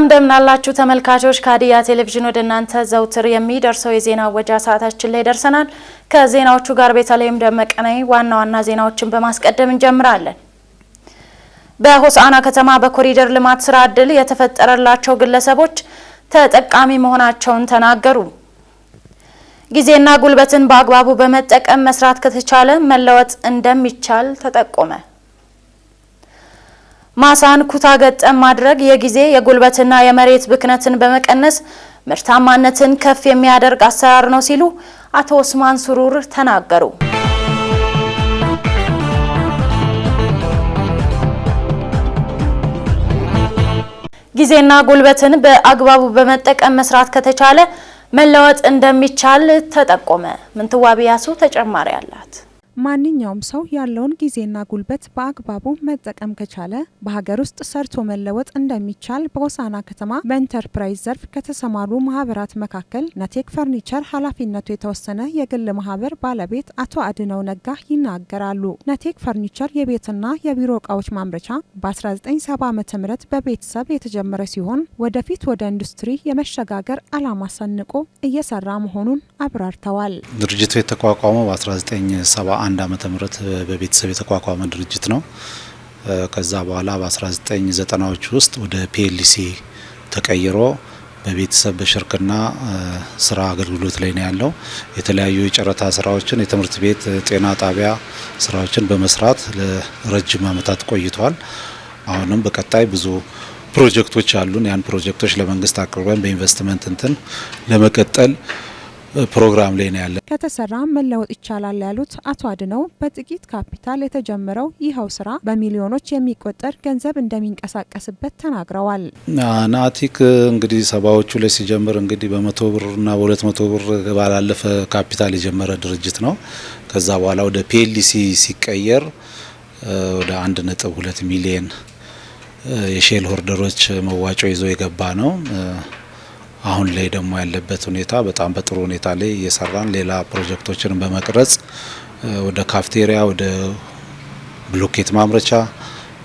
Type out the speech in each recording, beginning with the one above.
እንደምናላችሁ ተመልካቾች ከሀዲያ ቴሌቪዥን ወደ እናንተ ዘውትር የሚደርሰው የዜና ወጃ ሰዓታችን ላይ ደርሰናል። ከዜናዎቹ ጋር ቤተለይም ደመቀናይ ዋና ዋና ዜናዎችን በማስቀደም እንጀምራለን። በሆሳና ከተማ በኮሪደር ልማት ስራ እድል የተፈጠረላቸው ግለሰቦች ተጠቃሚ መሆናቸውን ተናገሩ። ጊዜና ጉልበትን በአግባቡ በመጠቀም መስራት ከተቻለ መለወጥ እንደሚቻል ተጠቆመ። ማሳን ኩታ ገጠም ማድረግ የጊዜ የጉልበትና የመሬት ብክነትን በመቀነስ ምርታማነትን ከፍ የሚያደርግ አሰራር ነው ሲሉ አቶ ኡስማን ሱሩር ተናገሩ። ጊዜና ጉልበትን በአግባቡ በመጠቀም መስራት ከተቻለ መለወጥ እንደሚቻል ተጠቆመ። ምንትዋብ ያሱ ተጨማሪ አላት። ማንኛውም ሰው ያለውን ጊዜና ጉልበት በአግባቡ መጠቀም ከቻለ በሀገር ውስጥ ሰርቶ መለወጥ እንደሚቻል በሆሳና ከተማ በኢንተርፕራይዝ ዘርፍ ከተሰማሩ ማህበራት መካከል ነቴክ ፈርኒቸር ኃላፊነቱ የተወሰነ የግል ማህበር ባለቤት አቶ አድነው ነጋ ይናገራሉ። ነቴክ ፈርኒቸር የቤትና የቢሮ እቃዎች ማምረቻ በ1970 ዓ ም በቤተሰብ የተጀመረ ሲሆን ወደፊት ወደ ኢንዱስትሪ የመሸጋገር አላማ ሰንቆ እየሰራ መሆኑን አብራርተዋል። ድርጅቱ የተቋቋመው በ1971 አንድ ዓመተ ምህረት በቤተሰብ የተቋቋመ ድርጅት ነው። ከዛ በኋላ በ1990ዎች ውስጥ ወደ ፒኤልሲ ተቀይሮ በቤተሰብ በሽርክና ስራ አገልግሎት ላይ ነው ያለው። የተለያዩ የጨረታ ስራዎችን፣ የትምህርት ቤት፣ ጤና ጣቢያ ስራዎችን በመስራት ለረጅም ዓመታት ቆይተዋል። አሁንም በቀጣይ ብዙ ፕሮጀክቶች አሉን። ያን ፕሮጀክቶች ለመንግስት አቅርበን በኢንቨስትመንት እንትን ለመቀጠል ፕሮግራም ላይ ነው ያለ። ከተሰራ መለወጥ ይቻላል ያሉት አቶ አድነው በጥቂት ካፒታል የተጀመረው ይኸው ስራ በሚሊዮኖች የሚቆጠር ገንዘብ እንደሚንቀሳቀስበት ተናግረዋል። ናቲክ እንግዲህ ሰባዎቹ ላይ ሲጀምር እንግዲህ በመቶ ብር እና በሁለት መቶ ብር ባላለፈ ካፒታል የጀመረ ድርጅት ነው። ከዛ በኋላ ወደ ፒኤልሲ ሲቀየር ወደ አንድ ነጥብ ሁለት ሚሊየን የሼል ሆርደሮች መዋጮ ይዞ የገባ ነው። አሁን ላይ ደግሞ ያለበት ሁኔታ በጣም በጥሩ ሁኔታ ላይ እየሰራን ሌላ ፕሮጀክቶችን በመቅረጽ ወደ ካፍቴሪያ፣ ወደ ብሎኬት ማምረቻ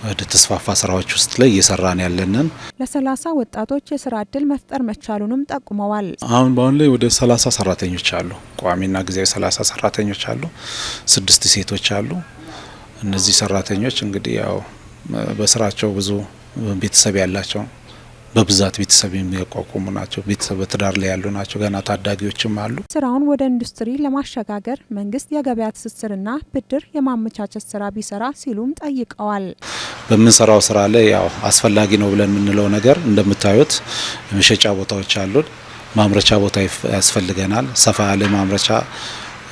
ወደ ተስፋፋ ስራዎች ውስጥ ላይ እየሰራን ያለንን ለሰላሳ ወጣቶች የስራ እድል መፍጠር መቻሉንም ጠቁመዋል። አሁን በአሁን ላይ ወደ ሰላሳ ሰራተኞች አሉ፣ ቋሚና ጊዜያዊ ሰላሳ ሰራተኞች አሉ፣ ስድስት ሴቶች አሉ። እነዚህ ሰራተኞች እንግዲህ ያው በስራቸው ብዙ ቤተሰብ ያላቸው በብዛት ቤተሰብ የሚያቋቁሙ ናቸው። ቤተሰብ በትዳር ላይ ያሉ ናቸው። ገና ታዳጊዎችም አሉ። ስራውን ወደ ኢንዱስትሪ ለማሸጋገር መንግስት የገበያ ትስስርና ብድር የማመቻቸት ስራ ቢሰራ ሲሉም ጠይቀዋል። በምንሰራው ስራ ላይ ያው አስፈላጊ ነው ብለን የምንለው ነገር እንደምታዩት የመሸጫ ቦታዎች አሉን። ማምረቻ ቦታ ያስፈልገናል። ሰፋ ያለ ማምረቻ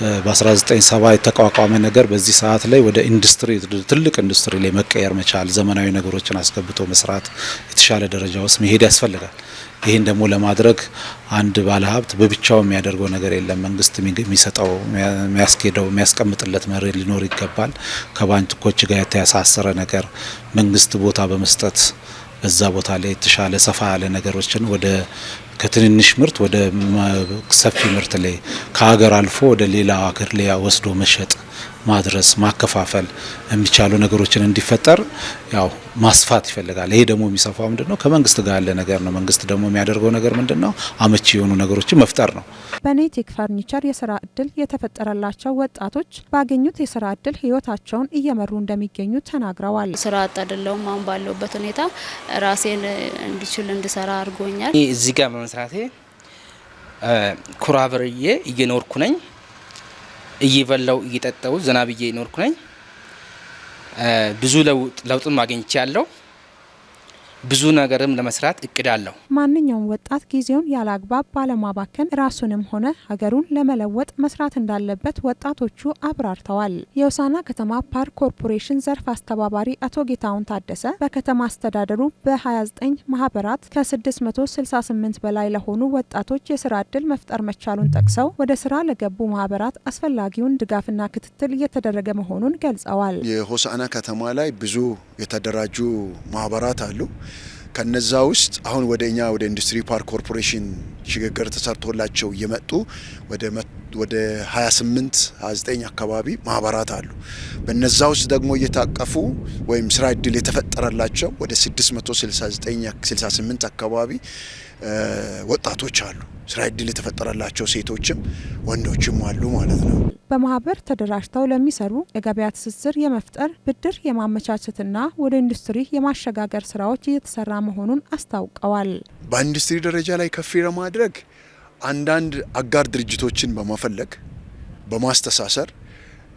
በ1970 የተቋቋመ ነገር በዚህ ሰዓት ላይ ወደ ኢንዱስትሪ ትልቅ ኢንዱስትሪ ላይ መቀየር መቻል፣ ዘመናዊ ነገሮችን አስገብቶ መስራት፣ የተሻለ ደረጃ ውስጥ መሄድ ያስፈልጋል። ይህን ደግሞ ለማድረግ አንድ ባለሀብት በብቻው የሚያደርገው ነገር የለም። መንግስት የሚሰጠው የሚያስኬደው የሚያስቀምጥለት መሪ ሊኖር ይገባል። ከባንኮች ጋር የተያሳሰረ ነገር መንግስት ቦታ በመስጠት በዛ ቦታ ላይ የተሻለ ሰፋ ያለ ነገሮችን ወደ ከትንንሽ ምርት ወደ ሰፊ ምርት ላይ ከሀገር አልፎ ወደ ሌላ ሀገር ላይ ወስዶ መሸጥ ማድረስ ማከፋፈል የሚቻሉ ነገሮችን እንዲፈጠር ያው ማስፋት ይፈልጋል። ይሄ ደግሞ የሚሰፋው ምንድን ነው? ከመንግስት ጋር ያለ ነገር ነው። መንግስት ደግሞ የሚያደርገው ነገር ምንድን ነው? አመቺ የሆኑ ነገሮችን መፍጠር ነው። በኔቴክ ፈርኒቸር የስራ እድል የተፈጠረላቸው ወጣቶች ባገኙት የስራ እድል ህይወታቸውን እየመሩ እንደሚገኙ ተናግረዋል። ስራ አጥ አይደለሁም። አሁን ባለውበት ሁኔታ ራሴን እንዲችል እንድሰራ አድርጎኛል። እዚህ ጋር በመስራቴ ኩራ ብርዬ እየኖርኩ ነኝ። እየበላው እየጠጣው ዘና ብዬ ኖርኩ ነኝ። ብዙ ለውጥ ለውጥም አግኝቻለሁ። ብዙ ነገርም ለመስራት እቅድ አለው። ማንኛውም ወጣት ጊዜውን ያለ አግባብ ባለማባከን ራሱንም ሆነ ሀገሩን ለመለወጥ መስራት እንዳለበት ወጣቶቹ አብራርተዋል። የውሳና ከተማ ፓርክ ኮርፖሬሽን ዘርፍ አስተባባሪ አቶ ጌታውን ታደሰ በከተማ አስተዳደሩ በ29 ማህበራት ከ668 በላይ ለሆኑ ወጣቶች የስራ እድል መፍጠር መቻሉን ጠቅሰው ወደ ስራ ለገቡ ማህበራት አስፈላጊውን ድጋፍና ክትትል እየተደረገ መሆኑን ገልጸዋል። የሆሳና ከተማ ላይ ብዙ የተደራጁ ማህበራት አሉ። ከነዛ ውስጥ አሁን ወደ እኛ ወደ ኢንዱስትሪ ፓርክ ኮርፖሬሽን ሽግግር ተሰርቶላቸው እየመጡ ወደ 28 29 አካባቢ ማህበራት አሉ። በነዛ ውስጥ ደግሞ እየታቀፉ ወይም ስራ እድል የተፈጠረላቸው ወደ 669 አካባቢ ወጣቶች አሉ። ስራ እድል የተፈጠረላቸው ሴቶችም ወንዶችም አሉ ማለት ነው። በማህበር ተደራጅተው ለሚሰሩ የገበያ ትስስር የመፍጠር ብድር የማመቻቸትና ወደ ኢንዱስትሪ የማሸጋገር ስራዎች እየተሰራ መሆኑን አስታውቀዋል። በኢንዱስትሪ ደረጃ ላይ ከፍ ለማድረግ አንዳንድ አጋር ድርጅቶችን በመፈለግ በማስተሳሰር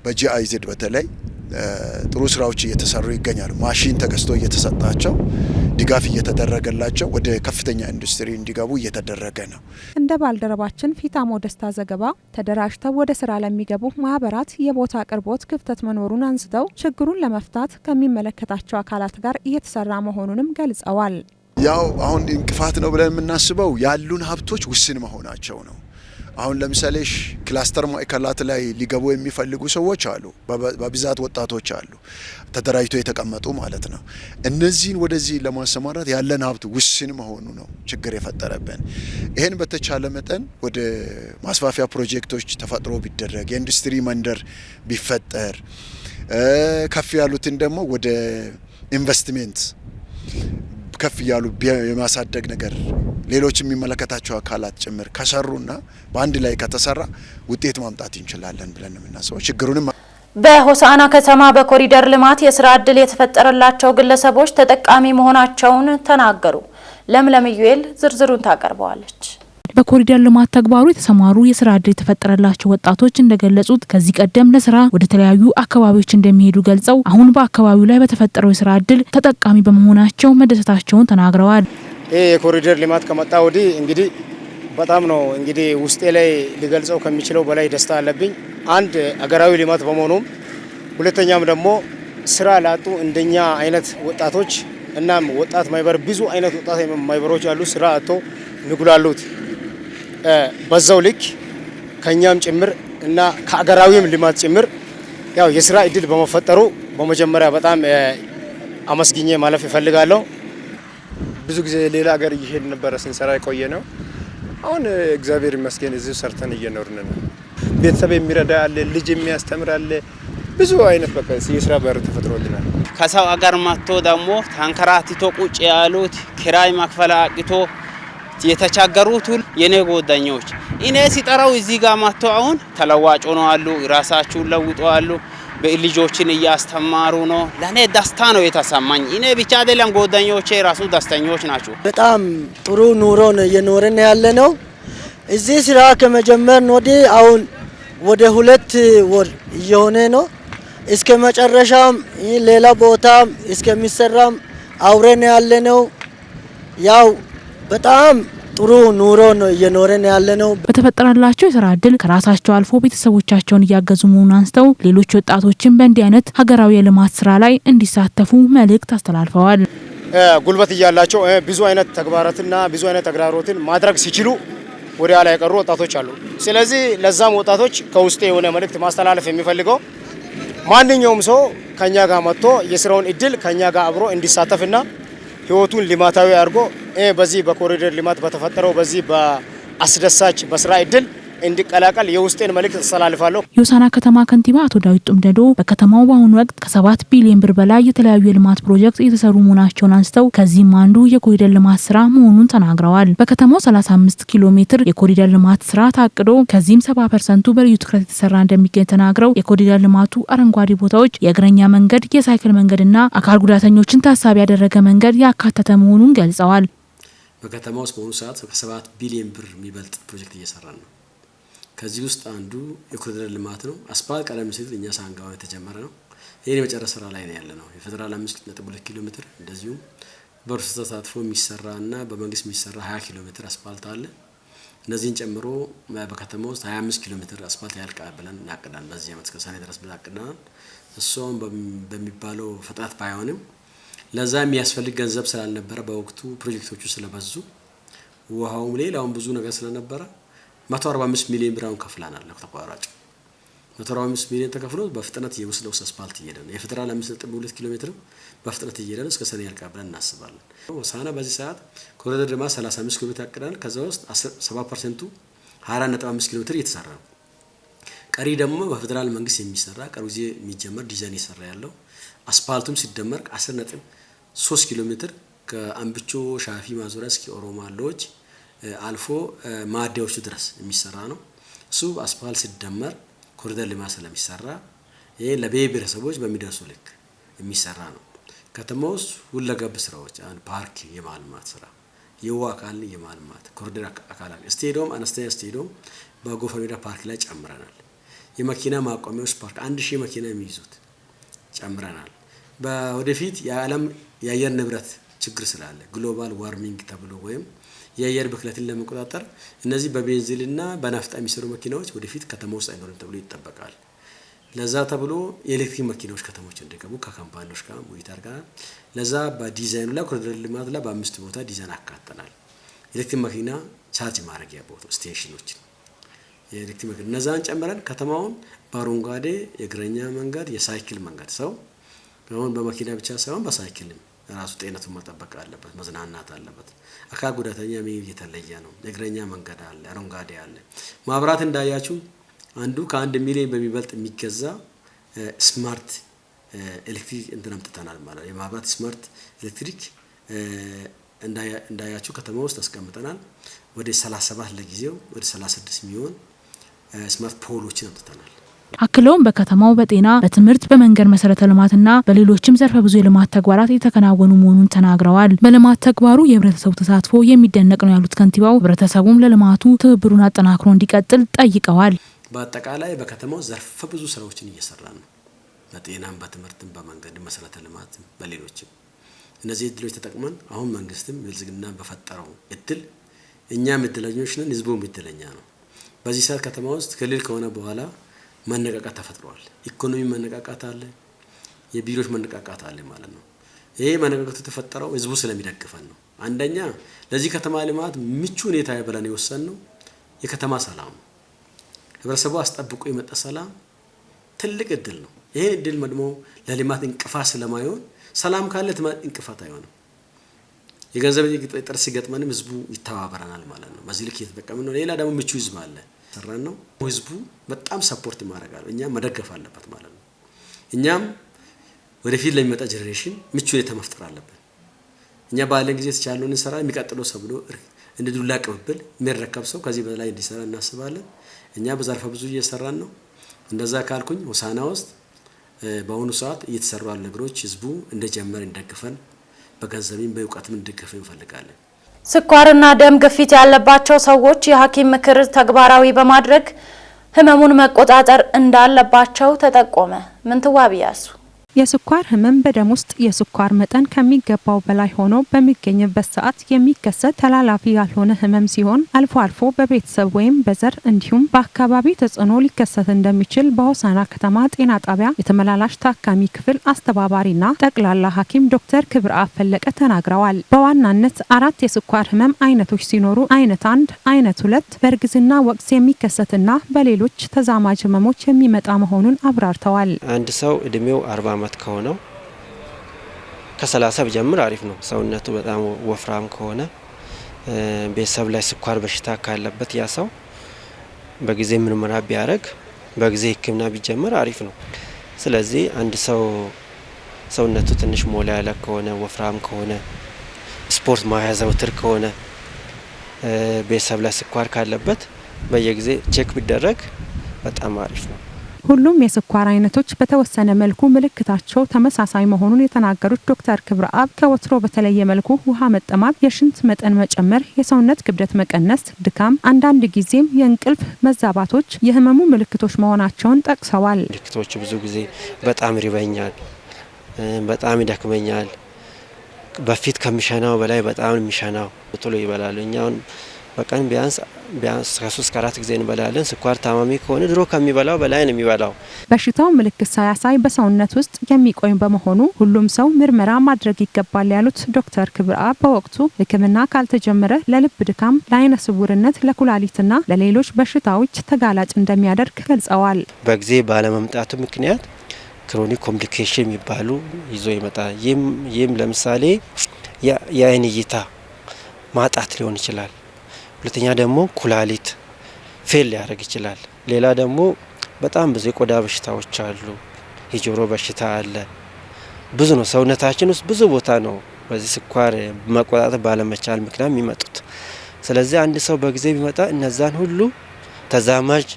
በጂአይዜድ በተለይ ጥሩ ስራዎች እየተሰሩ ይገኛሉ። ማሽን ተገዝቶ እየተሰጣቸው ድጋፍ እየተደረገላቸው ወደ ከፍተኛ ኢንዱስትሪ እንዲገቡ እየተደረገ ነው። እንደ ባልደረባችን ፊታሞ ደስታ ዘገባ ተደራጅተው ወደ ስራ ለሚገቡ ማህበራት የቦታ አቅርቦት ክፍተት መኖሩን አንስተው ችግሩን ለመፍታት ከሚመለከታቸው አካላት ጋር እየተሰራ መሆኑንም ገልጸዋል። ያው አሁን እንቅፋት ነው ብለን የምናስበው ያሉን ሀብቶች ውስን መሆናቸው ነው። አሁን ለምሳሌ ክላስተር ማዕከላት ላይ ሊገቡ የሚፈልጉ ሰዎች አሉ፣ በብዛት ወጣቶች አሉ፣ ተደራጅቶ የተቀመጡ ማለት ነው። እነዚህን ወደዚህ ለማሰማራት ያለን ሀብት ውስን መሆኑ ነው ችግር የፈጠረብን። ይህን በተቻለ መጠን ወደ ማስፋፊያ ፕሮጀክቶች ተፈጥሮ ቢደረግ፣ የኢንዱስትሪ መንደር ቢፈጠር፣ ከፍ ያሉትን ደግሞ ወደ ኢንቨስትሜንት ከፍ እያሉ የማሳደግ ነገር ሌሎች የሚመለከታቸው አካላት ጭምር ከሰሩና በአንድ ላይ ከተሰራ ውጤት ማምጣት እንችላለን ብለን የምናስበው ችግሩንም በሆሳና ከተማ በኮሪደር ልማት የስራ ዕድል የተፈጠረላቸው ግለሰቦች ተጠቃሚ መሆናቸውን ተናገሩ። ለምለም ዩኤል ዝርዝሩን ታቀርበዋለች። በኮሪደር ልማት ተግባሩ የተሰማሩ የስራ እድል የተፈጠረላቸው ወጣቶች እንደገለጹት ከዚህ ቀደም ለስራ ወደ ተለያዩ አካባቢዎች እንደሚሄዱ ገልጸው አሁን በአካባቢው ላይ በተፈጠረው የስራ እድል ተጠቃሚ በመሆናቸው መደሰታቸውን ተናግረዋል። ይህ የኮሪደር ልማት ከመጣ ወዲህ እንግዲህ በጣም ነው እንግዲህ ውስጤ ላይ ሊገልጸው ከሚችለው በላይ ደስታ አለብኝ። አንድ አገራዊ ልማት በመሆኑም ሁለተኛም ደግሞ ስራ ላጡ እንደኛ አይነት ወጣቶች እናም ወጣት ማይበር ብዙ አይነት ወጣት ማይበሮች ያሉ ስራ አጥቶ ሚጉላሉት በዛው ልክ ከኛም ጭምር እና ከአገራዊም ልማት ጭምር ያው የስራ እድል በመፈጠሩ በመጀመሪያ በጣም አመስግኜ ማለፍ ይፈልጋለሁ። ብዙ ጊዜ ሌላ ሀገር እየሄድ ነበረ ስንሰራ የቆየ ነው። አሁን እግዚአብሔር ይመስገን እዚሁ ሰርተን እየኖርን ነው። ቤተሰብ የሚረዳ አለ፣ ልጅ የሚያስተምር አለ። ብዙ አይነት በቃ የስራ በር ተፈጥሮልናል። ከሰው አገር መጥቶ ደግሞ ተንከራትቶ ቁጭ ያሉት ኪራይ መክፈል አቅቶ የተቸገሩትን የኔ ጓደኞች እኔ ሲጠራው እዚህ ጋር ማቶ አሁን ተለዋጭ ሆነው አሉ። ራሳችሁን ለውጦ አሉ። ልጆችን እያስተማሩ ነው። ለእኔ ደስታ ነው የተሰማኝ። እኔ ብቻ አይደለም ጓደኞቼ ራሱ ደስተኞች ናቸው። በጣም ጥሩ ኑሮ ነው እየኖርን ያለ ነው። እዚህ ስራ ከመጀመር ወዲህ አሁን ወደ ሁለት ወር እየሆነ ነው። እስከ መጨረሻም ሌላ ቦታም እስከሚሰራም አውረን ያለ ነው ያው በጣም ጥሩ ኑሮ ነው እየኖረን ያለ ነው። በተፈጠረላቸው የስራ እድል ከራሳቸው አልፎ ቤተሰቦቻቸውን እያገዙ መሆኑን አንስተው ሌሎች ወጣቶችን በእንዲህ አይነት ሀገራዊ የልማት ስራ ላይ እንዲሳተፉ መልእክት አስተላልፈዋል። ጉልበት እያላቸው ብዙ አይነት ተግባራትና ብዙ አይነት ተግዳሮትን ማድረግ ሲችሉ ወደ ኋላ የቀሩ ወጣቶች አሉ። ስለዚህ ለዛም ወጣቶች ከውስጤ የሆነ መልእክት ማስተላለፍ የሚፈልገው ማንኛውም ሰው ከኛ ጋር መጥቶ የስራውን እድል ከኛ ጋር አብሮ እንዲሳተፍና ህይወቱን ልማታዊ አድርጎ በዚህ በኮሪደር ልማት በተፈጠረው በዚህ በአስደሳች በስራ እድል እንዲቀላቀል የውስጤን መልእክት ተስተላልፋለሁ። የሆሳና ከተማ ከንቲባ አቶ ዳዊት ጡምደዶ በከተማው በአሁኑ ወቅት ከሰባት ቢሊዮን ብር በላይ የተለያዩ የልማት ፕሮጀክት የተሰሩ መሆናቸውን አንስተው ከዚህም አንዱ የኮሪደር ልማት ስራ መሆኑን ተናግረዋል። በከተማው 35 ኪሎ ሜትር የኮሪደር ልማት ስራ ታቅዶ ከዚህም 70 ፐርሰንቱ በልዩ ትኩረት የተሰራ እንደሚገኝ ተናግረው የኮሪደር ልማቱ አረንጓዴ ቦታዎች፣ የእግረኛ መንገድ፣ የሳይክል መንገድና አካል ጉዳተኞችን ታሳቢ ያደረገ መንገድ ያካተተ መሆኑን ገልጸዋል። በከተማ ውስጥ በአሁኑ ሰዓት ከሰባት ቢሊዮን ብር የሚበልጥ ፕሮጀክት እየሰራ ነው። ከዚህ ውስጥ አንዱ የኮሪደር ልማት ነው። አስፓልት ቀደም ሲል እኛ ሳንጋማ የተጀመረ ነው። ይህን የመጨረስ ስራ ላይ ነው ያለ ነው። የፌዴራል አምስት ነጥብ ሁለት ኪሎ ሜትር እንደዚሁም በእርሱ ተሳትፎ የሚሰራ እና በመንግስት የሚሰራ ሀያ ኪሎ ሜትር አስፓልት አለ። እነዚህን ጨምሮ በከተማ ውስጥ ሀያ አምስት ኪሎ ሜትር አስፓልት ያልቃል ብለን እናቅዳል። በዚህ ዓመት እስከ ሰኔ ድረስ ብለን አቅዳናል። እሷም በሚባለው ፍጥነት ባይሆንም ለዛ የሚያስፈልግ ገንዘብ ስላልነበረ በወቅቱ ፕሮጀክቶቹ ስለበዙ ውሃውም ሌላውም ብዙ ነገር ስለነበረ 145 ሚሊዮን ብራውን ከፍላናል። ተቋራጭ 145 ሚሊዮን ተከፍሎ በፍጥነት የምስለ ውስጥ አስፓልት እየሄደ ነው። የፌዴራል 5.2 ኪሎ ሜትር በፍጥነት እየሄደ ነው። እስከ ሰኔ ያልቃ ብለን እናስባለን። ሆሳዕና በዚህ ሰዓት ኮሪደር ልማት 35 ኪሎ ሜትር ያቅዳል። ከዛ ውስጥ 7 ፐርሰንቱ 24.5 ኪሎ ሜትር እየተሰራ ነው። ቀሪ ደግሞ በፌዴራል መንግስት የሚሰራ ቀሩ ጊዜ የሚጀመር ዲዛይን እየሰራ ያለው አስፓልቱም ሲደመር 10.3 ኪሎ ሜትር ከአምብቾ ሻፊ ማዞሪያ እስኪ ኦሮማሎች አልፎ ማደዎቹ ድረስ የሚሰራ ነው። እሱ አስፓልት ሲደመር ኮሪደር ልማት ስለሚሰራ ይሄ ለብሔር ብሔረሰቦች በሚደርሱ ልክ የሚሰራ ነው። ከተማ ውስጥ ሁለገብ ስራዎች፣ አንድ ፓርክ የማልማት ስራ፣ የውሃ አካልን የማልማት ኮሪደር አካላት፣ ስቴዲየም፣ አነስተኛ ስቴዲየም በጎፈር ሜዳ ፓርክ ላይ ጨምረናል። የመኪና ማቆሚያዎች ፓርክ አንድ ሺህ መኪና የሚይዙት ጨምረናል። በወደፊት የዓለም የአየር ንብረት ችግር ስላለ ግሎባል ዋርሚንግ ተብሎ ወይም የአየር ብክለትን ለመቆጣጠር እነዚህ በቤንዚልና በናፍጣ የሚሰሩ መኪናዎች ወደፊት ከተማ ውስጥ አይኖርም ተብሎ ይጠበቃል። ለዛ ተብሎ የኤሌክትሪክ መኪናዎች ከተሞች እንዲገቡ ከካምፓኒዎች ጋር ሙይታር ጋር ለዛ በዲዛይኑ ላይ ኮሪደር ልማት ላይ በአምስት ቦታ ዲዛይን አካተናል። ኤሌክትሪክ መኪና ቻርጅ ማድረጊያ ቦታ ስቴሽኖችን የኤሌክትሪክ መኪና እነዛን ጨምረን ከተማውን በአረንጓዴ የእግረኛ መንገድ፣ የሳይክል መንገድ ሰው አሁን በመኪና ብቻ ሳይሆን በሳይክልም ራሱ ጤነቱን መጠበቅ አለበት፣ መዝናናት አለበት። አካል ጉዳተኛ ምን እየተለየ ነው። እግረኛ መንገድ አለ፣ አረንጓዴ አለ። ማብራት እንዳያችሁ አንዱ ከአንድ ሚሊዮን በሚበልጥ የሚገዛ ስማርት ኤሌክትሪክ እንትን አምጥተናል ማለት የማብራት ስማርት ኤሌክትሪክ እንዳያችሁ ከተማ ውስጥ አስቀምጠናል። ወደ 37 ለጊዜው ወደ 36 የሚሆን ስማርት ፖሎችን አምጥተናል። አክለውም በከተማው በጤና በትምህርት በመንገድ መሰረተ ልማትና በሌሎችም ዘርፈ ብዙ የልማት ተግባራት የተከናወኑ መሆኑን ተናግረዋል። በልማት ተግባሩ የህብረተሰቡ ተሳትፎ የሚደነቅ ነው ያሉት ከንቲባው ህብረተሰቡም ለልማቱ ትብብሩን አጠናክሮ እንዲቀጥል ጠይቀዋል። በአጠቃላይ በከተማው ዘርፈ ብዙ ስራዎችን እየሰራ ነው። በጤናም በትምህርትም በመንገድ መሰረተ ልማትም በሌሎችም እነዚህ እድሎች ተጠቅመን አሁን መንግስትም ብልጽግና በፈጠረው እድል እኛም እድለኞች ነን፣ ህዝቡም እድለኛ ነው። በዚህ ሰዓት ከተማ ውስጥ ክልል ከሆነ በኋላ መነቃቃት ተፈጥሯል። ኢኮኖሚ መነቃቃት አለ፣ የቢሮች መነቃቃት አለ ማለት ነው። ይሄ መነቃቃቱ የተፈጠረው ህዝቡ ስለሚደግፈን ነው። አንደኛ ለዚህ ከተማ ልማት ምቹ ሁኔታ ብለን የወሰን ነው የከተማ ሰላም ነው። ህብረተሰቡ አስጠብቆ የመጣ ሰላም ትልቅ እድል ነው። ይህን እድል መድሞ ለልማት እንቅፋት ስለማይሆን ሰላም ካለ ልማት እንቅፋት አይሆንም። የገንዘብ እጥረት ሲገጥመንም ህዝቡ ይተባበረናል ማለት ነው። በዚህ ልክ እየተጠቀምን ነው። ሌላ ደግሞ ምቹ ህዝብ አለ። እየሰራን ነው። ህዝቡ በጣም ሰፖርት ይማረጋል። እኛም መደገፍ አለበት ማለት ነው። እኛም ወደፊት ለሚመጣ ጀኔሬሽን ምቹ ሁኔታ መፍጠር አለብን። እኛ ባለን ጊዜ የተቻለውን እንሰራ። የሚቀጥለው ሰው ብሎ እንደ ዱላ ቅብብል የሚረከብ ሰው ከዚህ በላይ እንዲሰራ እናስባለን። እኛ በዘርፈ ብዙ እየሰራን ነው። እንደዛ ካልኩኝ ሆሳዕና ውስጥ በአሁኑ ሰዓት እየተሰሩ ያሉ ነገሮች ህዝቡ እንደጀመር እንደግፈን፣ በገንዘብም በእውቀትም እንደግፈን እንፈልጋለን። ስኳርና ደም ግፊት ያለባቸው ሰዎች የሐኪም ምክር ተግባራዊ በማድረግ ህመሙን መቆጣጠር እንዳለባቸው ተጠቆመ። ምንትዋብ ያሱ የስኳር ህመም በደም ውስጥ የስኳር መጠን ከሚገባው በላይ ሆኖ በሚገኝበት ሰዓት የሚከሰት ተላላፊ ያልሆነ ህመም ሲሆን አልፎ አልፎ በቤተሰብ ወይም በዘር እንዲሁም በአካባቢ ተጽዕኖ ሊከሰት እንደሚችል በሆሳና ከተማ ጤና ጣቢያ የተመላላሽ ታካሚ ክፍል አስተባባሪና ጠቅላላ ሐኪም ዶክተር ክብር አፈለቀ ተናግረዋል። በዋናነት አራት የስኳር ህመም አይነቶች ሲኖሩ አይነት አንድ፣ አይነት ሁለት በእርግዝና ወቅት የሚከሰትና በሌሎች ተዛማጅ ህመሞች የሚመጣ መሆኑን አብራርተዋል። አንድ ሰው እድሜው አመት ከሆነው ከሰላሳ ብጀምር አሪፍ ነው። ሰውነቱ በጣም ወፍራም ከሆነ ቤተሰብ ላይ ስኳር በሽታ ካለበት ያ ሰው በጊዜ ምርመራ ቢያደርግ በጊዜ ሕክምና ቢጀምር አሪፍ ነው። ስለዚህ አንድ ሰው ሰውነቱ ትንሽ ሞላ ያለ ከሆነ ወፍራም ከሆነ ስፖርት ማያዘውትር ከሆነ ቤተሰብ ላይ ስኳር ካለበት በየጊዜ ቼክ ቢደረግ በጣም አሪፍ ነው። ሁሉም የስኳር አይነቶች በተወሰነ መልኩ ምልክታቸው ተመሳሳይ መሆኑን የተናገሩት ዶክተር ክብረ አብ ከወትሮ በተለየ መልኩ ውሃ መጠማት፣ የሽንት መጠን መጨመር፣ የሰውነት ክብደት መቀነስ፣ ድካም፣ አንዳንድ ጊዜም የእንቅልፍ መዛባቶች የህመሙ ምልክቶች መሆናቸውን ጠቅሰዋል። ምልክቶቹ ብዙ ጊዜ በጣም ይርበኛል፣ በጣም ይደክመኛል፣ በፊት ከሚሸናው በላይ በጣም የሚሸናው ቶሎ ይበላል። እኛውን በቀን ቢያንስ ቢያንስ ከሶስት ከአራት ጊዜ እንበላለን። ስኳር ታማሚ ከሆነ ድሮ ከሚበላው በላይ ነው የሚበላው። በሽታው ምልክት ሳያሳይ በሰውነት ውስጥ የሚቆይ በመሆኑ ሁሉም ሰው ምርመራ ማድረግ ይገባል ያሉት ዶክተር ክብርአ በወቅቱ ሕክምና ካልተጀመረ ለልብ ድካም፣ ለአይነ ስውርነት፣ ለኩላሊትና ለሌሎች በሽታዎች ተጋላጭ እንደሚያደርግ ገልጸዋል። በጊዜ ባለመምጣቱ ምክንያት ክሮኒክ ኮምፕሊኬሽን የሚባሉ ይዞ ይመጣል። ይህም ለምሳሌ የአይን እይታ ማጣት ሊሆን ይችላል ሁለተኛ ደግሞ ኩላሊት ፌል ሊያደርግ ይችላል። ሌላ ደግሞ በጣም ብዙ የቆዳ በሽታዎች አሉ። የጆሮ በሽታ አለ። ብዙ ነው ሰውነታችን ውስጥ ብዙ ቦታ ነው በዚህ ስኳር መቆጣጠር ባለመቻል ምክንያት የሚመጡት። ስለዚህ አንድ ሰው በጊዜ ቢመጣ እነዛን ሁሉ ተዛማጅ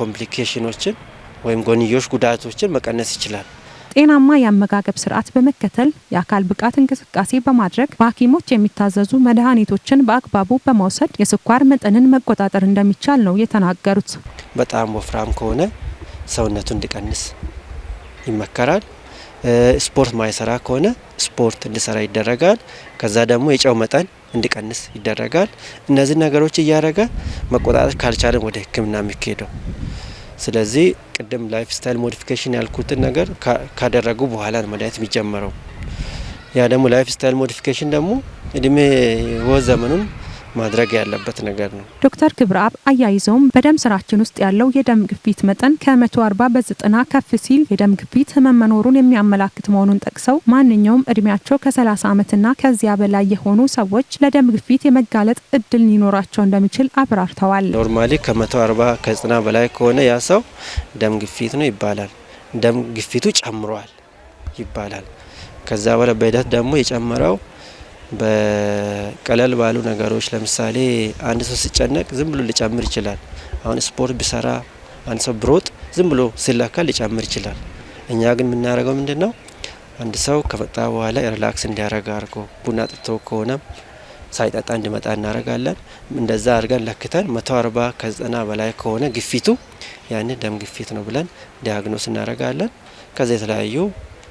ኮምፕሊኬሽኖችን ወይም ጎንዮሽ ጉዳቶችን መቀነስ ይችላል። ጤናማ የአመጋገብ ስርዓት በመከተል የአካል ብቃት እንቅስቃሴ በማድረግ በሐኪሞች የሚታዘዙ መድኃኒቶችን በአግባቡ በመውሰድ የስኳር መጠንን መቆጣጠር እንደሚቻል ነው የተናገሩት። በጣም ወፍራም ከሆነ ሰውነቱ እንዲቀንስ ይመከራል። ስፖርት ማይሰራ ከሆነ ስፖርት እንዲሰራ ይደረጋል። ከዛ ደግሞ የጨው መጠን እንዲቀንስ ይደረጋል። እነዚህ ነገሮች እያደረገ መቆጣጠር ካልቻለን ወደ ሕክምና የሚካሄደው ስለዚህ ቅድም ላይፍ ስታይል ሞዲፊኬሽን ያልኩትን ነገር ካደረጉ በኋላ መድኃኒት የሚጀመረው ያ ደግሞ ላይፍ ስታይል ሞዲፊኬሽን ደግሞ እድሜ ህይወት ዘመኑን ማድረግ ያለበት ነገር ነው። ዶክተር አብ አያይዘውም በደም ስራችን ውስጥ ያለው የደም ግፊት መጠን ከ140 በዘጠና ከፍ ሲል የደም ግፊት ህመም መኖሩን የሚያመላክት መሆኑን ጠቅሰው ማንኛውም እድሜያቸው ከ30 ዓመትና ከዚያ በላይ የሆኑ ሰዎች ለደም ግፊት የመጋለጥ እድል ሊኖራቸው እንደሚችል አብራርተዋል። ኖርማሊ ከ140 ከዘጠና በላይ ከሆነ ያ ሰው ደም ግፊት ነው ይባላል። ደም ግፊቱ ጨምሯል ይባላል። ከዛ በላይ በሂደት ደግሞ የጨመረው በቀለል ባሉ ነገሮች ለምሳሌ አንድ ሰው ሲጨነቅ ዝም ብሎ ሊጨምር ይችላል። አሁን ስፖርት ቢሰራ አንድ ሰው ብሮጥ ዝም ብሎ ሲለካ ሊጨምር ይችላል። እኛ ግን የምናደርገው ምንድን ነው? አንድ ሰው ከመጣ በኋላ ሪላክስ እንዲያደርግ አድርጎ ቡና ጥቶ ከሆነ ሳይጠጣ እንዲመጣ እናደርጋለን። እንደዛ አድርገን ለክተን መቶ አርባ ከዘጠና በላይ ከሆነ ግፊቱ ያን ደም ግፊት ነው ብለን ዲያግኖስ እናደርጋለን። ከዚ የተለያዩ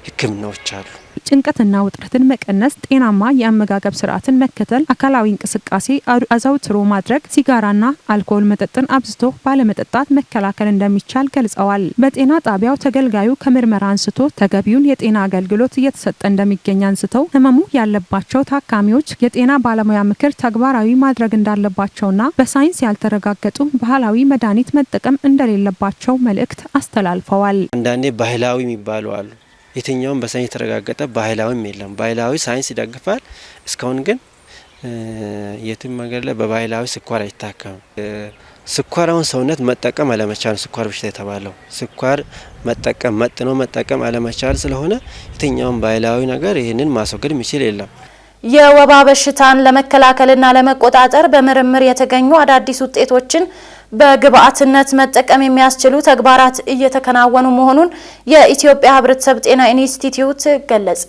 ሕክምናዎች አሉ። ጭንቀትና ውጥረትን መቀነስ፣ ጤናማ የአመጋገብ ስርዓትን መከተል፣ አካላዊ እንቅስቃሴ አዘውትሮ ማድረግ፣ ሲጋራና አልኮል መጠጥን አብዝቶ ባለመጠጣት መከላከል እንደሚቻል ገልጸዋል። በጤና ጣቢያው ተገልጋዩ ከምርመራ አንስቶ ተገቢውን የጤና አገልግሎት እየተሰጠ እንደሚገኝ አንስተው ህመሙ ያለባቸው ታካሚዎች የጤና ባለሙያ ምክር ተግባራዊ ማድረግ እንዳለባቸውና በሳይንስ ያልተረጋገጡ ባህላዊ መድኃኒት መጠቀም እንደሌለባቸው መልእክት አስተላልፈዋል። አንዳንዴ ባህላዊ የሚባሉ አሉ የትኛውም በሳይንስ የተረጋገጠ ባህላዊም የለም። ባህላዊ ሳይንስ ይደግፋል። እስካሁን ግን የትም ሀገር ላይ በባህላዊ ስኳር አይታከምም። ስኳራውን ሰውነት መጠቀም አለመቻል ስኳር በሽታ የተባለው ስኳር መጠቀም መጥኖ መጠቀም አለመቻል ስለሆነ የትኛውም ባህላዊ ነገር ይህንን ማስወገድ የሚችል የለም። የወባ በሽታን ለመከላከልና ለመቆጣጠር በምርምር የተገኙ አዳዲስ ውጤቶችን በግብአትነት መጠቀም የሚያስችሉ ተግባራት እየተከናወኑ መሆኑን የኢትዮጵያ ሕብረተሰብ ጤና ኢንስቲትዩት ገለጸ።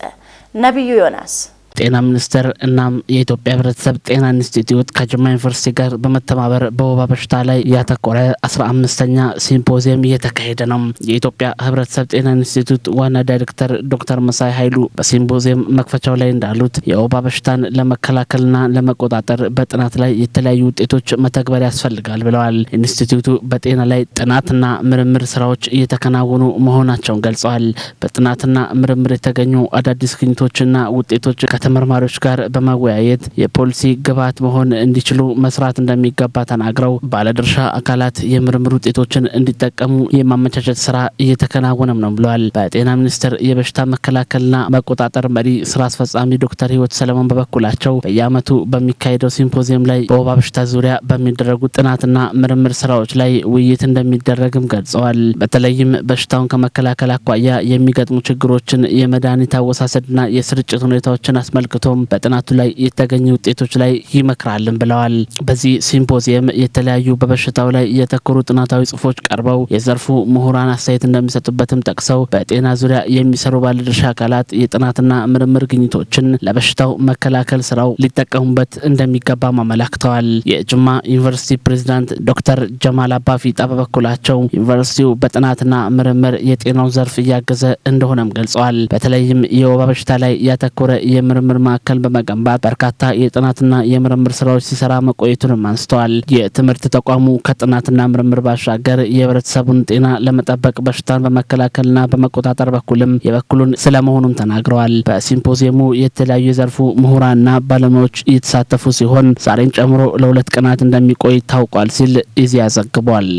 ነቢዩ ዮናስ ጤና ሚኒስቴር እናም የኢትዮጵያ ህብረተሰብ ጤና ኢንስቲትዩት ከጅማ ዩኒቨርሲቲ ጋር በመተባበር በወባ በሽታ ላይ ያተኮረ አስራ አምስተኛ ሲምፖዚየም እየተካሄደ ነው። የኢትዮጵያ ህብረተሰብ ጤና ኢንስቲትዩት ዋና ዳይሬክተር ዶክተር መሳይ ኃይሉ በሲምፖዚየም መክፈቻው ላይ እንዳሉት የወባ በሽታን ለመከላከልና ለመቆጣጠር በጥናት ላይ የተለያዩ ውጤቶች መተግበር ያስፈልጋል ብለዋል። ኢንስቲትዩቱ በጤና ላይ ጥናትና ምርምር ስራዎች እየተከናወኑ መሆናቸውን ገልጸዋል። በጥናትና ምርምር የተገኙ አዳዲስ ግኝቶችና ውጤቶች ተመርማሪዎች ጋር በመወያየት የፖሊሲ ግብዓት መሆን እንዲችሉ መስራት እንደሚገባ ተናግረው ባለድርሻ አካላት የምርምር ውጤቶችን እንዲጠቀሙ የማመቻቸት ስራ እየተከናወነም ነው ብለዋል። በጤና ሚኒስቴር የበሽታ መከላከልና መቆጣጠር መሪ ስራ አስፈጻሚ ዶክተር ህይወት ሰለሞን በበኩላቸው በየዓመቱ በሚካሄደው ሲምፖዚየም ላይ በወባ በሽታ ዙሪያ በሚደረጉ ጥናትና ምርምር ስራዎች ላይ ውይይት እንደሚደረግም ገልጸዋል። በተለይም በሽታውን ከመከላከል አኳያ የሚገጥሙ ችግሮችን፣ የመድኃኒት አወሳሰድና የስርጭት ሁኔታዎችን አስመልክቶም በጥናቱ ላይ የተገኙ ውጤቶች ላይ ይመክራልን ብለዋል። በዚህ ሲምፖዚየም የተለያዩ በበሽታው ላይ የተኮሩ ጥናታዊ ጽሁፎች ቀርበው የዘርፉ ምሁራን አስተያየት እንደሚሰጡበትም ጠቅሰው በጤና ዙሪያ የሚሰሩ ባለድርሻ አካላት የጥናትና ምርምር ግኝቶችን ለበሽታው መከላከል ስራው ሊጠቀሙበት እንደሚገባም አመላክተዋል። የጅማ ዩኒቨርሲቲ ፕሬዚዳንት ዶክተር ጀማል አባፊጣ በበኩላቸው ዩኒቨርሲቲው በጥናትና ምርምር የጤናው ዘርፍ እያገዘ እንደሆነም ገልጸዋል። በተለይም የወባ በሽታ ላይ ያተኮረ የምር ምርምር ማዕከል በመገንባት በርካታ የጥናትና የምርምር ስራዎች ሲሰራ መቆየቱንም አንስተዋል። የትምህርት ተቋሙ ከጥናትና ምርምር ባሻገር የህብረተሰቡን ጤና ለመጠበቅ በሽታን በመከላከልና በመቆጣጠር በኩልም የበኩሉን ስለመሆኑም ተናግረዋል። በሲምፖዚየሙ የተለያዩ የዘርፉ ምሁራንና ባለሙያዎች እየተሳተፉ ሲሆን ዛሬን ጨምሮ ለሁለት ቀናት እንደሚቆይ ታውቋል ሲል ኢዜአ ዘግቧል።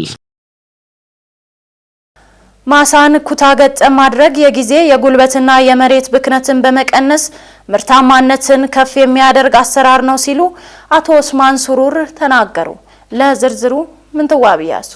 ማሳን ኩታ ገጠም ማድረግ የጊዜ የጉልበትና የመሬት ብክነትን በመቀነስ ምርታማነትን ከፍ የሚያደርግ አሰራር ነው ሲሉ አቶ ኡስማን ሱሩር ተናገሩ። ለዝርዝሩ ምንትዋብ ያሱ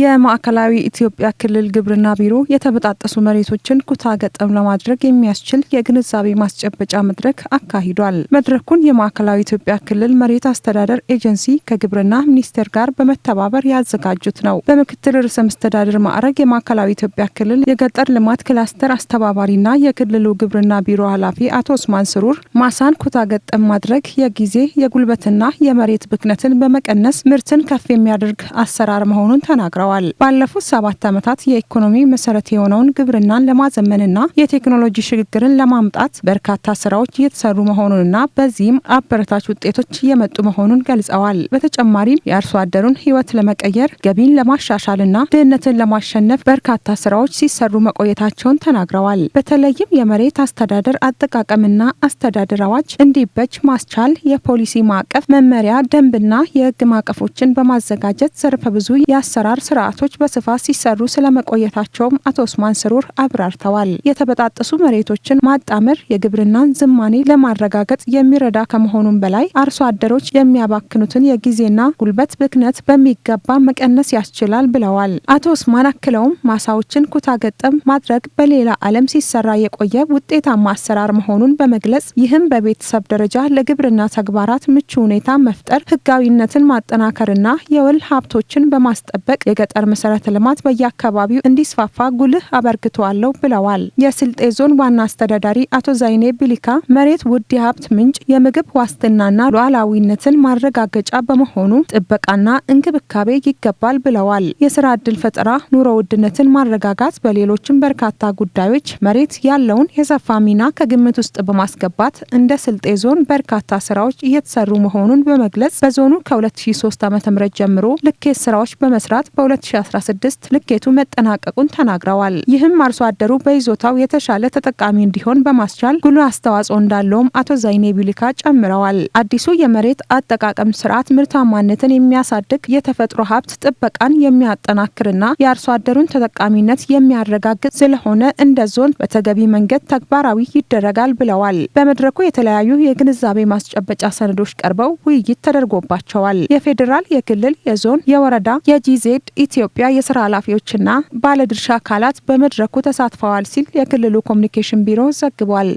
የማዕከላዊ ኢትዮጵያ ክልል ግብርና ቢሮ የተበጣጠሱ መሬቶችን ኩታ ገጠም ለማድረግ የሚያስችል የግንዛቤ ማስጨበጫ መድረክ አካሂዷል። መድረኩን የማዕከላዊ ኢትዮጵያ ክልል መሬት አስተዳደር ኤጀንሲ ከግብርና ሚኒስቴር ጋር በመተባበር ያዘጋጁት ነው። በምክትል ርዕሰ መስተዳድር ማዕረግ የማዕከላዊ ኢትዮጵያ ክልል የገጠር ልማት ክላስተር አስተባባሪና የክልሉ ግብርና ቢሮ ኃላፊ አቶ ኡስማን ስሩር ማሳን ኩታ ገጠም ማድረግ የጊዜ የጉልበትና የመሬት ብክነትን በመቀነስ ምርትን ከፍ የሚያደርግ አሰራር መሆኑን ተናግረዋል። ተናግረዋል። ባለፉት ሰባት ዓመታት የኢኮኖሚ መሰረት የሆነውን ግብርናን ለማዘመንና የቴክኖሎጂ ሽግግርን ለማምጣት በርካታ ስራዎች እየተሰሩ መሆኑንና በዚህም አበረታች ውጤቶች እየመጡ መሆኑን ገልጸዋል። በተጨማሪም የአርሶ አደሩን ህይወት ለመቀየር ገቢን ለማሻሻልና ድህነትን ለማሸነፍ በርካታ ስራዎች ሲሰሩ መቆየታቸውን ተናግረዋል። በተለይም የመሬት አስተዳደር አጠቃቀምና አስተዳደር አዋጅ እንዲበጅ ማስቻል የፖሊሲ ማዕቀፍ መመሪያ፣ ደንብና የህግ ማዕቀፎችን በማዘጋጀት ዘርፈ ብዙ የአሰራር ስርዓቶች በስፋት ሲሰሩ ስለመቆየታቸውም አቶ ኡስማን ስሩር አብራርተዋል። የተበጣጠሱ መሬቶችን ማጣመር የግብርናን ዝማኔ ለማረጋገጥ የሚረዳ ከመሆኑም በላይ አርሶ አደሮች የሚያባክኑትን የጊዜና ጉልበት ብክነት በሚገባ መቀነስ ያስችላል ብለዋል። አቶ ኡስማን አክለውም ማሳዎችን ኩታ ገጠም ማድረግ በሌላ ዓለም ሲሰራ የቆየ ውጤታማ አሰራር መሆኑን በመግለጽ ይህም በቤተሰብ ደረጃ ለግብርና ተግባራት ምቹ ሁኔታ መፍጠር፣ ህጋዊነትን ማጠናከርና የወል ሀብቶችን በማስጠበቅ የገጠር መሰረተ ልማት በየአካባቢው እንዲስፋፋ ጉልህ አበርክቶ አለው ብለዋል። የስልጤ ዞን ዋና አስተዳዳሪ አቶ ዛይኔ ቢሊካ መሬት ውድ የሀብት ምንጭ፣ የምግብ ዋስትናና ሉዓላዊነትን ማረጋገጫ በመሆኑ ጥበቃና እንክብካቤ ይገባል ብለዋል። የስራ ዕድል ፈጠራ፣ ኑሮ ውድነትን ማረጋጋት፣ በሌሎችም በርካታ ጉዳዮች መሬት ያለውን የሰፋ ሚና ከግምት ውስጥ በማስገባት እንደ ስልጤ ዞን በርካታ ስራዎች እየተሰሩ መሆኑን በመግለጽ በዞኑ ከ2003 ዓ.ም ጀምሮ ልኬት ስራዎች በመስራት በ 2016 ልኬቱ መጠናቀቁን ተናግረዋል። ይህም አርሶ አደሩ በይዞታው የተሻለ ተጠቃሚ እንዲሆን በማስቻል ጉልህ አስተዋጽኦ እንዳለውም አቶ ዛይኔ ቢልካ ጨምረዋል። አዲሱ የመሬት አጠቃቀም ስርዓት ምርታማነትን የሚያሳድግ የተፈጥሮ ሀብት ጥበቃን የሚያጠናክርና የአርሶ አደሩን ተጠቃሚነት የሚያረጋግጥ ስለሆነ እንደ ዞን በተገቢ መንገድ ተግባራዊ ይደረጋል ብለዋል። በመድረኩ የተለያዩ የግንዛቤ ማስጨበጫ ሰነዶች ቀርበው ውይይት ተደርጎባቸዋል። የፌዴራል፣ የክልል፣ የዞን፣ የወረዳ፣ የጂዜድ ኢትዮጵያ የስራ ኃላፊዎችና ባለድርሻ አካላት በመድረኩ ተሳትፈዋል ሲል የክልሉ ኮሚኒኬሽን ቢሮ ዘግቧል።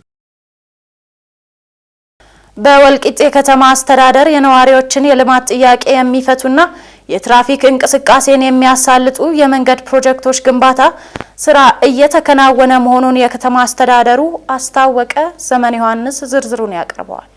በወልቂጤ ከተማ አስተዳደር የነዋሪዎችን የልማት ጥያቄ የሚፈቱና የትራፊክ እንቅስቃሴን የሚያሳልጡ የመንገድ ፕሮጀክቶች ግንባታ ስራ እየተከናወነ መሆኑን የከተማ አስተዳደሩ አስታወቀ። ዘመን ዮሐንስ ዝርዝሩን ያቀርበዋል።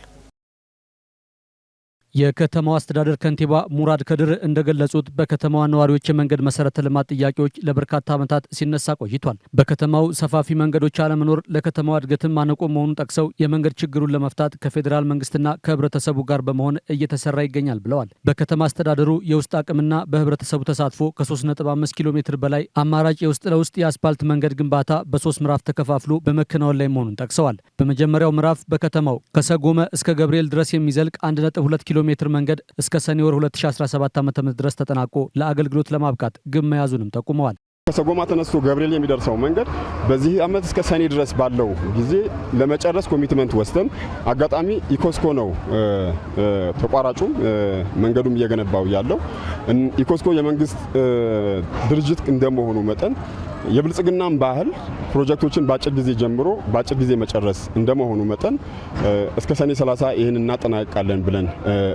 የከተማዋ አስተዳደር ከንቲባ ሙራድ ከድር እንደገለጹት በከተማዋ ነዋሪዎች የመንገድ መሰረተ ልማት ጥያቄዎች ለበርካታ ዓመታት ሲነሳ ቆይቷል። በከተማው ሰፋፊ መንገዶች አለመኖር ለከተማዋ እድገትም ማነቆ መሆኑን ጠቅሰው የመንገድ ችግሩን ለመፍታት ከፌዴራል መንግስትና ከህብረተሰቡ ጋር በመሆን እየተሰራ ይገኛል ብለዋል። በከተማ አስተዳደሩ የውስጥ አቅምና በህብረተሰቡ ተሳትፎ ከ3.5 ኪሎ ሜትር በላይ አማራጭ የውስጥ ለውስጥ የአስፓልት መንገድ ግንባታ በሶስት ምዕራፍ ተከፋፍሎ በመከናወን ላይ መሆኑን ጠቅሰዋል። በመጀመሪያው ምዕራፍ በከተማው ከሰጎመ እስከ ገብርኤል ድረስ የሚዘልቅ 1.2 ኪሎ ሜትር መንገድ እስከ ሰኔ ወር 2017 ዓ ም ድረስ ተጠናቆ ለአገልግሎት ለማብቃት ግብ መያዙንም ጠቁመዋል። ከሰጎማ ተነስቶ ገብርኤል የሚደርሰው መንገድ በዚህ ዓመት እስከ ሰኔ ድረስ ባለው ጊዜ ለመጨረስ ኮሚትመንት ወስደን አጋጣሚ ኢኮስኮ ነው ተቋራጩም መንገዱም እየገነባው ያለው። ኢኮስኮ የመንግስት ድርጅት እንደመሆኑ መጠን የብልጽግናን ባህል ፕሮጀክቶችን በአጭር ጊዜ ጀምሮ በአጭር ጊዜ መጨረስ እንደመሆኑ መጠን እስከ ሰኔ 30 ይህን እናጠናቅቃለን ብለን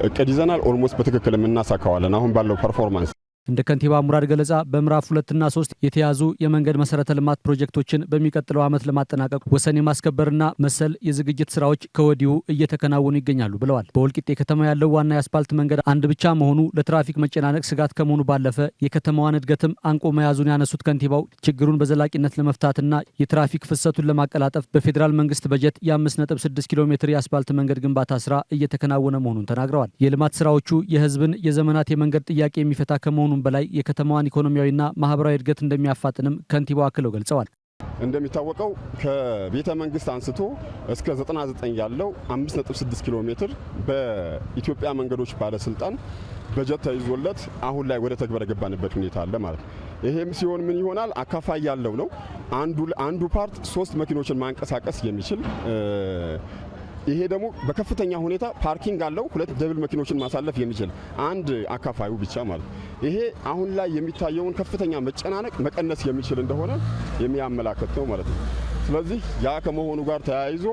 እቅድ ይዘናል። ኦልሞስት በትክክል እናሳካዋለን አሁን ባለው ፐርፎርማንስ እንደ ከንቲባ ሙራድ ገለጻ በምዕራፍ ሁለትና ሶስት የተያዙ የመንገድ መሰረተ ልማት ፕሮጀክቶችን በሚቀጥለው ዓመት ለማጠናቀቅ ወሰን የማስከበርና መሰል የዝግጅት ስራዎች ከወዲሁ እየተከናወኑ ይገኛሉ ብለዋል። በወልቂጤ ከተማ ያለው ዋና የአስፓልት መንገድ አንድ ብቻ መሆኑ ለትራፊክ መጨናነቅ ስጋት ከመሆኑ ባለፈ የከተማዋን እድገትም አንቆ መያዙን ያነሱት ከንቲባው ችግሩን በዘላቂነት ለመፍታትና የትራፊክ ፍሰቱን ለማቀላጠፍ በፌዴራል መንግስት በጀት የ56 ኪሎ ሜትር የአስፓልት መንገድ ግንባታ ስራ እየተከናወነ መሆኑን ተናግረዋል። የልማት ስራዎቹ የህዝብን የዘመናት የመንገድ ጥያቄ የሚፈታ ከመሆኑ ከመሆኑም በላይ የከተማዋን ኢኮኖሚያዊና ማህበራዊ እድገት እንደሚያፋጥንም ከንቲባው አክለው ገልጸዋል። እንደሚታወቀው ከቤተ መንግስት አንስቶ እስከ 99 ያለው 5.6 ኪሎ ሜትር በኢትዮጵያ መንገዶች ባለስልጣን በጀት ተይዞለት አሁን ላይ ወደ ተግባር የገባንበት ሁኔታ አለ ማለት ነው። ይሄም ሲሆን ምን ይሆናል? አካፋይ ያለው ነው። አንዱ አንዱ ፓርት ሶስት መኪኖችን ማንቀሳቀስ የሚችል ይሄ ደግሞ በከፍተኛ ሁኔታ ፓርኪንግ አለው። ሁለት ደብል መኪኖችን ማሳለፍ የሚችል አንድ አካፋዩ ብቻ ማለት ይሄ አሁን ላይ የሚታየውን ከፍተኛ መጨናነቅ መቀነስ የሚችል እንደሆነ የሚያመላክት ነው ማለት ነው። ስለዚህ ያ ከመሆኑ ጋር ተያይዞ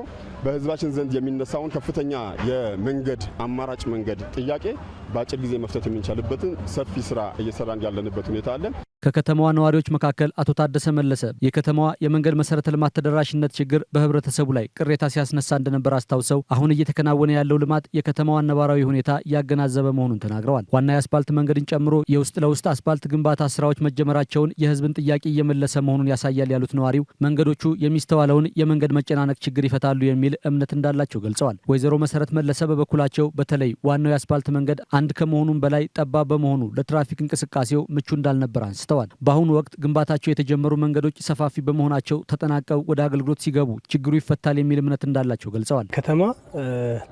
በህዝባችን ዘንድ የሚነሳውን ከፍተኛ የመንገድ አማራጭ መንገድ ጥያቄ በአጭር ጊዜ መፍታት የምንችልበትን ሰፊ ስራ እየሰራን ያለንበት ሁኔታ አለ። ከከተማዋ ነዋሪዎች መካከል አቶ ታደሰ መለሰ የከተማዋ የመንገድ መሰረተ ልማት ተደራሽነት ችግር በህብረተሰቡ ላይ ቅሬታ ሲያስነሳ እንደነበር አስታውሰው አሁን እየተከናወነ ያለው ልማት የከተማዋን ነባራዊ ሁኔታ ያገናዘበ መሆኑን ተናግረዋል። ዋና የአስፓልት መንገድን ጨምሮ የውስጥ ለውስጥ አስፓልት ግንባታ ስራዎች መጀመራቸውን የህዝብን ጥያቄ እየመለሰ መሆኑን ያሳያል ያሉት ነዋሪው መንገዶቹ የሚስተዋለውን የመንገድ መጨናነቅ ችግር ይፈታሉ የሚል እምነት እንዳላቸው ገልጸዋል። ወይዘሮ መሰረት መለሰ በበኩላቸው በተለይ ዋናው የአስፓልት መንገድ አንድ ከመሆኑም በላይ ጠባብ በመሆኑ ለትራፊክ እንቅስቃሴው ምቹ እንዳልነበር አንስተዋል። በአሁኑ ወቅት ግንባታቸው የተጀመሩ መንገዶች ሰፋፊ በመሆናቸው ተጠናቀው ወደ አገልግሎት ሲገቡ ችግሩ ይፈታል የሚል እምነት እንዳላቸው ገልጸዋል። ከተማ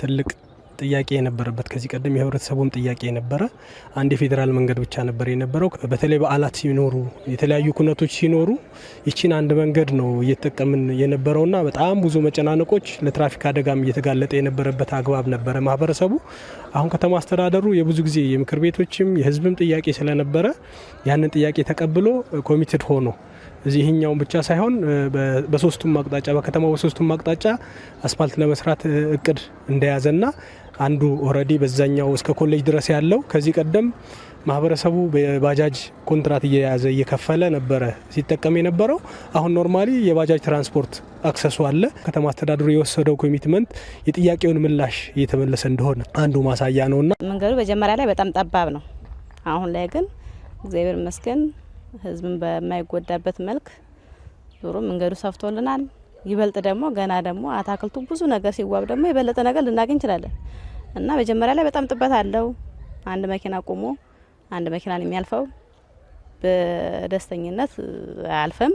ትልቅ ጥያቄ የነበረበት ከዚህ ቀደም የህብረተሰቡም ጥያቄ የነበረ አንድ የፌዴራል መንገድ ብቻ ነበር የነበረው። በተለይ በዓላት ሲኖሩ የተለያዩ ኩነቶች ሲኖሩ ይችን አንድ መንገድ ነው እየተጠቀምን የነበረውና በጣም ብዙ መጨናነቆች ለትራፊክ አደጋም እየተጋለጠ የነበረበት አግባብ ነበረ ማህበረሰቡ። አሁን ከተማ አስተዳደሩ የብዙ ጊዜ የምክር ቤቶችም የህዝብም ጥያቄ ስለነበረ ያንን ጥያቄ ተቀብሎ ኮሚትድ ሆኖ እዚህኛውን ብቻ ሳይሆን በሶስቱም አቅጣጫ በከተማው በሶስቱም አቅጣጫ አስፋልት ለመስራት እቅድ እንደያዘና አንዱ ኦልሬዲ በዛኛው እስከ ኮሌጅ ድረስ ያለው ከዚህ ቀደም ማህበረሰቡ በባጃጅ ኮንትራት እየያዘ እየከፈለ ነበረ ሲጠቀም የነበረው። አሁን ኖርማሊ የባጃጅ ትራንስፖርት አክሰሱ አለ። ከተማ አስተዳደሩ የወሰደው ኮሚትመንት የጥያቄውን ምላሽ እየተመለሰ እንደሆነ አንዱ ማሳያ እና መንገዱ መጀመሪያ ላይ በጣም ጠባብ ነው። አሁን ላይ ግን እግዚአብሔር ይመስገን ህዝብን በማይጎዳበት መልክ ዞሮ መንገዱ ሰፍቶልናል። ይበልጥ ደግሞ ገና ደግሞ አታክልቱ ብዙ ነገር ሲዋብ ደግሞ የበለጠ ነገር ልናገኝ እንችላለን እና መጀመሪያ ላይ በጣም ጥበት አለው። አንድ መኪና ቆሞ አንድ መኪና ነው የሚያልፈው። በደስተኝነት አያልፍም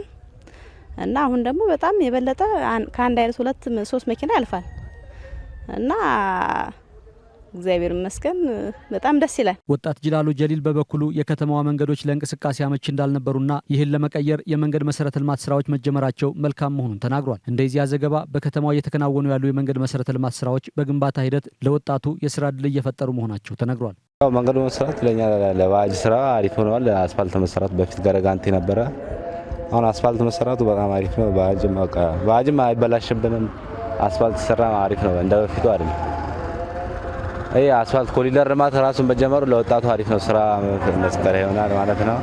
እና አሁን ደግሞ በጣም የበለጠ ከአንድ አይነት ሁለት ሶስት መኪና ያልፋል እና እግዚአብሔር ይመስገን በጣም ደስ ይላል። ወጣት ጅላሉ ጀሊል በበኩሉ የከተማዋ መንገዶች ለእንቅስቃሴ አመች እንዳልነበሩና ይህን ለመቀየር የመንገድ መሰረተ ልማት ስራዎች መጀመራቸው መልካም መሆኑን ተናግሯል። እንደዚያ ዘገባ በከተማዋ እየተከናወኑ ያሉ የመንገድ መሰረተ ልማት ስራዎች በግንባታ ሂደት ለወጣቱ የስራ እድል እየፈጠሩ መሆናቸው ተነግሯል። መንገዱ መስራት ለኛ ለባጅ ስራ አሪፍ ሆነዋል። አስፋልት መሰራት በፊት ገረጋንቲ ነበረ። አሁን አስፋልት መሰራቱ በጣም አሪፍ ነው። ባጅም አይበላሽብንም። አስፋልት ስራ አሪፍ ነው፣ እንደ በፊቱ አይደለም። ይህ አስፋልት ኮሪደር ልማት ራሱን መጀመሩ ለወጣቱ አሪፍ ነው፣ ስራ መፍጠሪያ ይሆናል ማለት ነው።